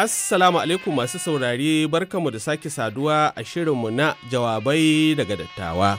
Assalamu alaikum masu saurare barkamu da sake saduwa a shirinmu na jawabai daga dattawa.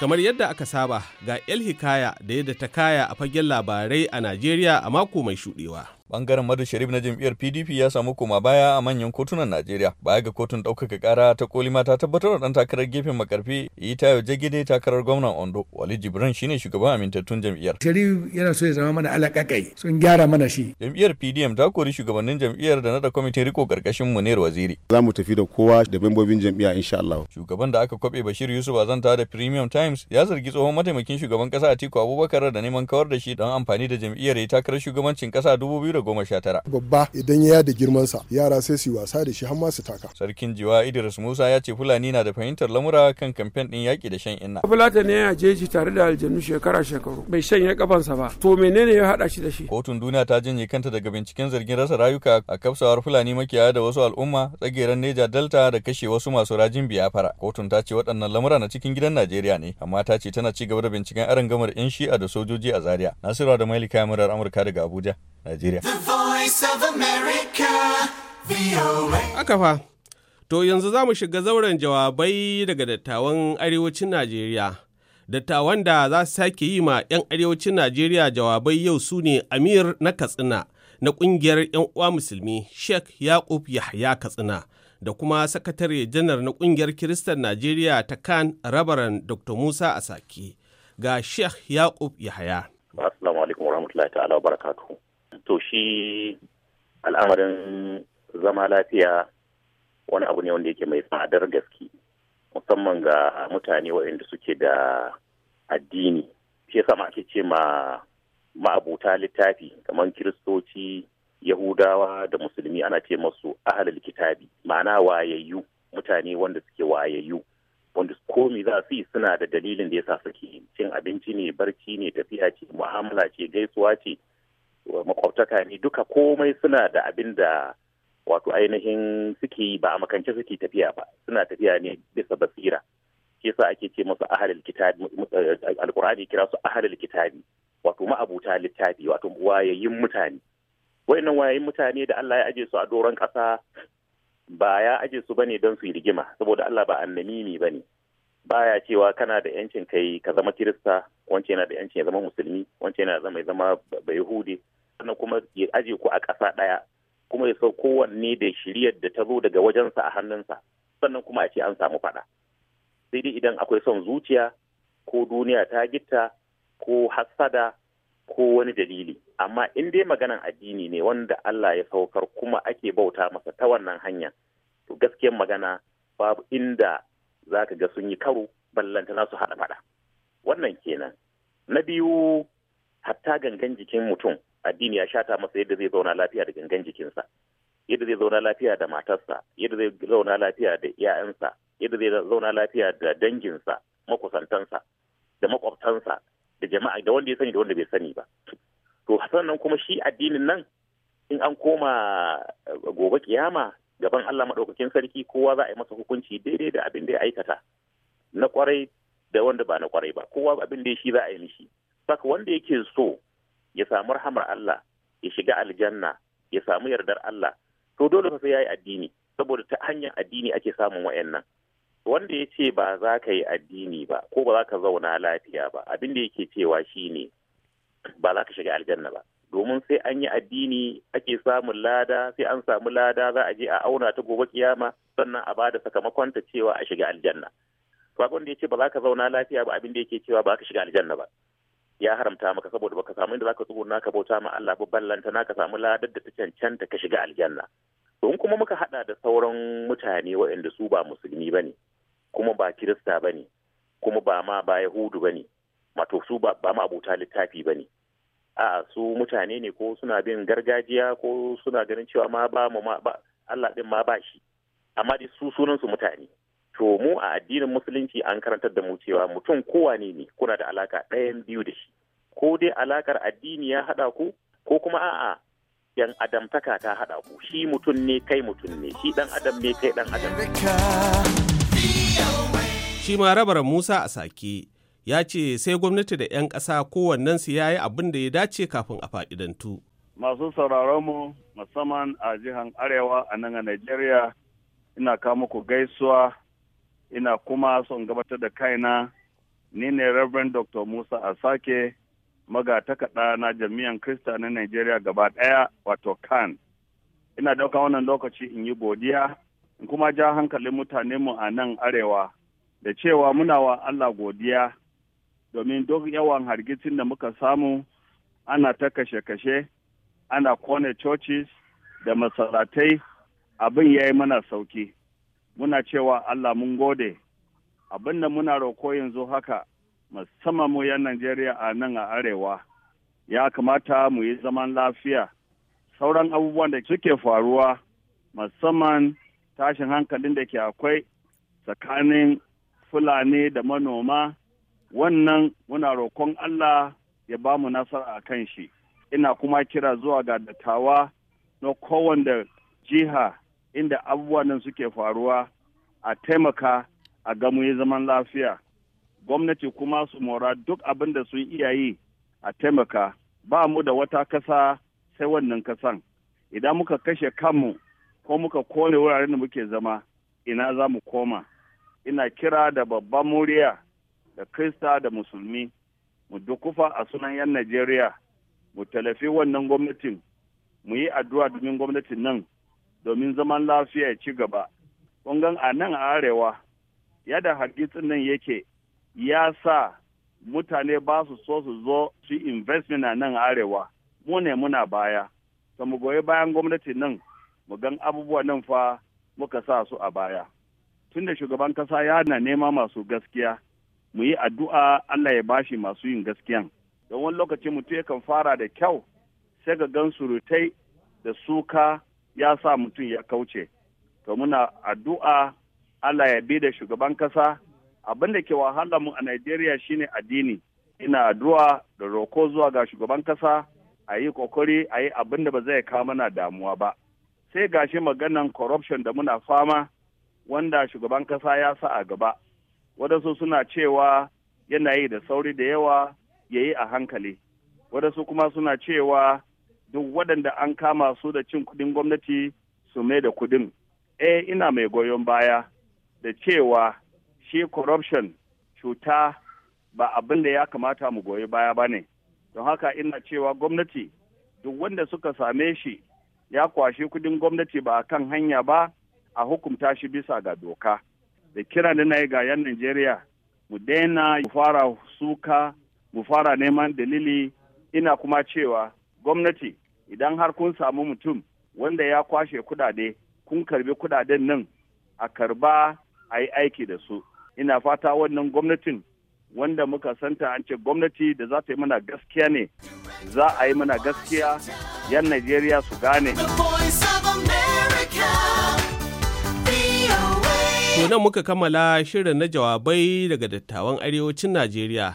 Kamar yadda aka saba ga El Hikaya da yadda ta kaya a fagen labarai a Najeriya a mako mai shuɗewa. Bangaren Madu Sharif na jam'iyyar PDP ya samu koma baya a manyan kotunan Najeriya. Baya ga kotun ɗaukaka ƙara ta koli mata tabbatar da ɗan takarar gefen makarfi yau Jagide takarar gwamnan Ondo. Wali Jibran shine shugaban amintattun jam'iyyar. Sharif yana so ya zama mana alaƙaƙai sun gyara mana shi. Jam'iyyar PDM ta kori shugabannin jam'iyyar da naɗa kwamitin riko ƙarƙashin Munir Waziri. Za mu tafi da kowa da membobin jam'iyya insha Allah. Shugaban da aka kwaɓe Bashir Yusuf Azanta da Premium Times ya zargi tsohon mataimakin shugaban ƙasa Atiku Abubakar da neman kawar da shi don amfani da jam'iyyar ya takarar shugabancin ƙasa dubu biyu tara. Babba idan ya da girmansa yara sai su wasa da shi har ma su taka. Sarkin Jiwa Idris Musa ya ce Fulani na da fahimtar lamura kan kamfen ɗin yaki da shan inna. Fulata ne ya shi tare da aljanu shekara shekaru bai shanye kafansa ba. To menene ya haɗa shi da shi? Kotun duniya ta janye kanta daga binciken zargin rasa rayuka a kafsawar Fulani makiyaya da wasu al'umma tsageren Neja Delta da kashe wasu masu rajin biyafara. Kotun ta ce waɗannan lamura na cikin gidan Najeriya ne amma ta ce tana ci gaba da binciken arangamar 'yan shi'a da sojoji a Zaria. Nasiru da Malika Yamurar Amurka daga Abuja, Najeriya. Haka fa, to yanzu za mu shiga zauren jawabai daga dattawan arewacin Najeriya. Dattawan da za su sake yi ma 'yan arewacin Najeriya jawabai yau su ne Amir na Katsina na ƙungiyar 'yan uwa musulmi Sheikh Yakub Yahya Katsina da kuma sakatare janar na ƙungiyar Kiristan Najeriya ta kan rabaran Dr. Musa Asaki ga Sheikh Yakub Yahya. Assalamu alaikum ta'ala to shi al'amarin zama lafiya wani abu ne wanda yake mai tsadar gaske musamman ga mutane waɗanda suke da addini shi sama ake ce ma ma'abuta littafi kamar kiristoci yahudawa da musulmi ana ce masu ahalal kitabi ma'ana wayayyu mutane wanda suke wayayyu wanda komi za su yi suna da dalilin da ya yasa suke cin abinci ne barci ne tafiya ce mu'amala ce gaisuwa ce makwabtaka ne duka komai suna da abin da wato ainihin suke ba a makance suke tafiya ba suna tafiya ne bisa basira shi yasa ake ce musu ahalil kitabi eh, alqur'ani kira su ahalil kitabi wato ma'abuta littafi wato wayayin mutane wayannan wayayin mutane da Allah ya aje su a doron ƙasa ba ya aje su bane don su yi rigima saboda Allah ba ne. bane baya cewa kana da yancin kai ka zama kirista wance yana da yancin ya zama musulmi wance yana zama ya zama yahudi sannan kuma ya aje ku a ƙasa ɗaya kuma ya sau kowanne da shiryar da ta zo daga wajensa a hannunsa sannan kuma a ce an samu faɗa sai dai idan akwai son zuciya ko duniya ta gitta ko hassada ko wani dalili amma in dai maganan addini ne wanda Allah ya saukar kuma ake bauta masa ta wannan hanya to gaskiyar magana babu inda za ka ga sun yi karo na su haɗa faɗa wannan kenan na biyu hatta gangan jikin mutum addini ya shata masa yadda zai zauna lafiya da gangan jikinsa yadda zai zauna lafiya da matarsa yadda zai zauna lafiya da 'ya'yansa yadda zai zauna lafiya da danginsa makusantansa da makwabtansa da jama'a da wanda ya sani da wanda bai sani ba to sannan kuma shi addinin nan in an koma eh, gobe kiyama gaban Allah maɗaukakin sarki kowa za a yi masa hukunci daidai da abin da ya aikata na kwarai da wanda ba na kwarai ba kowa abin da shi za a yi mishi saka wanda yake so ya samu rahamar Allah ya shiga aljanna ya samu yardar Allah to dole fa sai yayi addini saboda ta hanyar addini ake samun wayannan wanda ya ce ba za ka yi addini ba ko ba za ka zauna lafiya ba abin da yake cewa shine ba za ka shiga aljanna ba domin sai an yi addini ake samun lada sai an samu lada za a je a auna ta gobe kiyama sannan a bada sakamakon ta cewa a shiga aljanna Ba wanda da ce ba za ka zauna lafiya ba abin da yake cewa ba za ka shiga aljanna ba ya haramta maka saboda baka samu inda zaka tsuguna ka bauta ma Allah ba ballanta na ka samu ladar da ta cancanta ka shiga aljanna in kuma muka hada da sauran mutane waɗanda su ba musulmi bane kuma ba kirista bane kuma ba ma ba yahudu bane wato su ba ma abota littafi bane a su mutane ne ko suna bin gargajiya ko suna ganin cewa ma ba mu ma ba Allah din ma ba shi amma dai su sunan su mutane to mu a addinin musulunci an karantar da mu cewa mutum kowane ne kuna da alaka ɗayan biyu da shi ko dai alakar addini ya haɗa ku ko kuma a'a yan adamtaka ta haɗa ku shi mutum ne kai mutum ne shi ɗan adam ne kai ɗan adam shi ma rabar musa a sake ya ce sai gwamnati da 'yan ƙasa kowannensu ya yi abin da ya dace kafin a faɗi fa'idantu. masu sauraron sauraronmu musamman a jihar arewa a nan a najeriya ina kawo muku gaisuwa ina kuma son gabatar da kaina ni ne Reverend Dr. Musa Asake magatakaɗa na jami'an Krista na Najeriya gaba ɗaya wato kan. Ina ɗauka wannan lokaci in yi godiya in kuma ja hankalin mu a nan arewa da cewa muna wa Allah godiya domin duk yawan hargitsin da muka samu ana ta kashe-kashe ana kone churches da masalatai abin ya yi mana sauki. muna cewa Allah mun gode abin da muna roko yanzu haka musamman mu yan Najeriya a nan a arewa ya kamata mu yi zaman lafiya sauran abubuwan da suke faruwa musamman tashin hankalin da ke akwai tsakanin fulani da manoma wannan muna roƙon Allah ya ba mu nasara a kan shi ina kuma kira zuwa ga dattawa na kowanne jiha inda abubuwan nan suke faruwa a taimaka a muyi zaman lafiya gwamnati kuma su mora duk abin da sun iya yi a taimaka ba mu da wata kasa sai wannan kasan idan muka kashe kanmu ko muka kone wuraren da muke zama ina za mu koma ina kira da babban muriya da krista da musulmi mu dukufa a sunan 'yan najeriya mu talafi wannan gwamnatin mu yi addu'a domin gwamnatin nan domin zaman lafiya ci gaba. Kungan a nan arewa, yadda hargitsin nan yake ya sa mutane ba su so su zo su investment a nan arewa, mu ne muna baya, ta mu goyi bayan gwamnati nan, mu gan abubuwa nan fa muka sa su a baya. tun da shugaban kasa ya na nema masu gaskiya, mu yi addu'a Allah ya bashi masu yin gaskiyan. Don wani lokaci mutum yakan fara da kyau, sai ga gan surutai da suka ya sa mutum ya kauce to muna addu'a Allah ya bi da shugaban kasa abin da ke wahala mu a Najeriya shine addini ina addu'a da roko zuwa ga shugaban kasa a yi kokari a yi abin da ba zai kawo mana damuwa ba sai gashi maganan corruption da muna fama wanda shugaban kasa ya sa a gaba wadansu suna cewa yana yi da sauri da yawa ya yi a hankali wadansu kuma suna cewa duk waɗanda an kama su da cin kuɗin gwamnati su mai da kuɗin. Eh ina mai goyon baya da cewa shi corruption cuta ba abin da ya kamata mu goyi baya ba ne. Don haka ina cewa gwamnati duk wanda suka same shi ya kwashe kuɗin gwamnati ba a kan hanya ba a hukunta shi bisa ga doka. Da kira da na yi ga 'yan Najeriya mu daina mu fara suka mu fara neman dalili ina kuma cewa gwamnati idan har kun samu mutum wanda ya kwashe kudade kun karbi kudaden nan a karba a yi aiki da su ina fata wannan gwamnatin wanda muka santa an ce gwamnati da za ta yi mana gaskiya ne za a yi mana gaskiya yan najeriya su gane To muka kammala shirin na jawabai daga dattawan arewacin Najeriya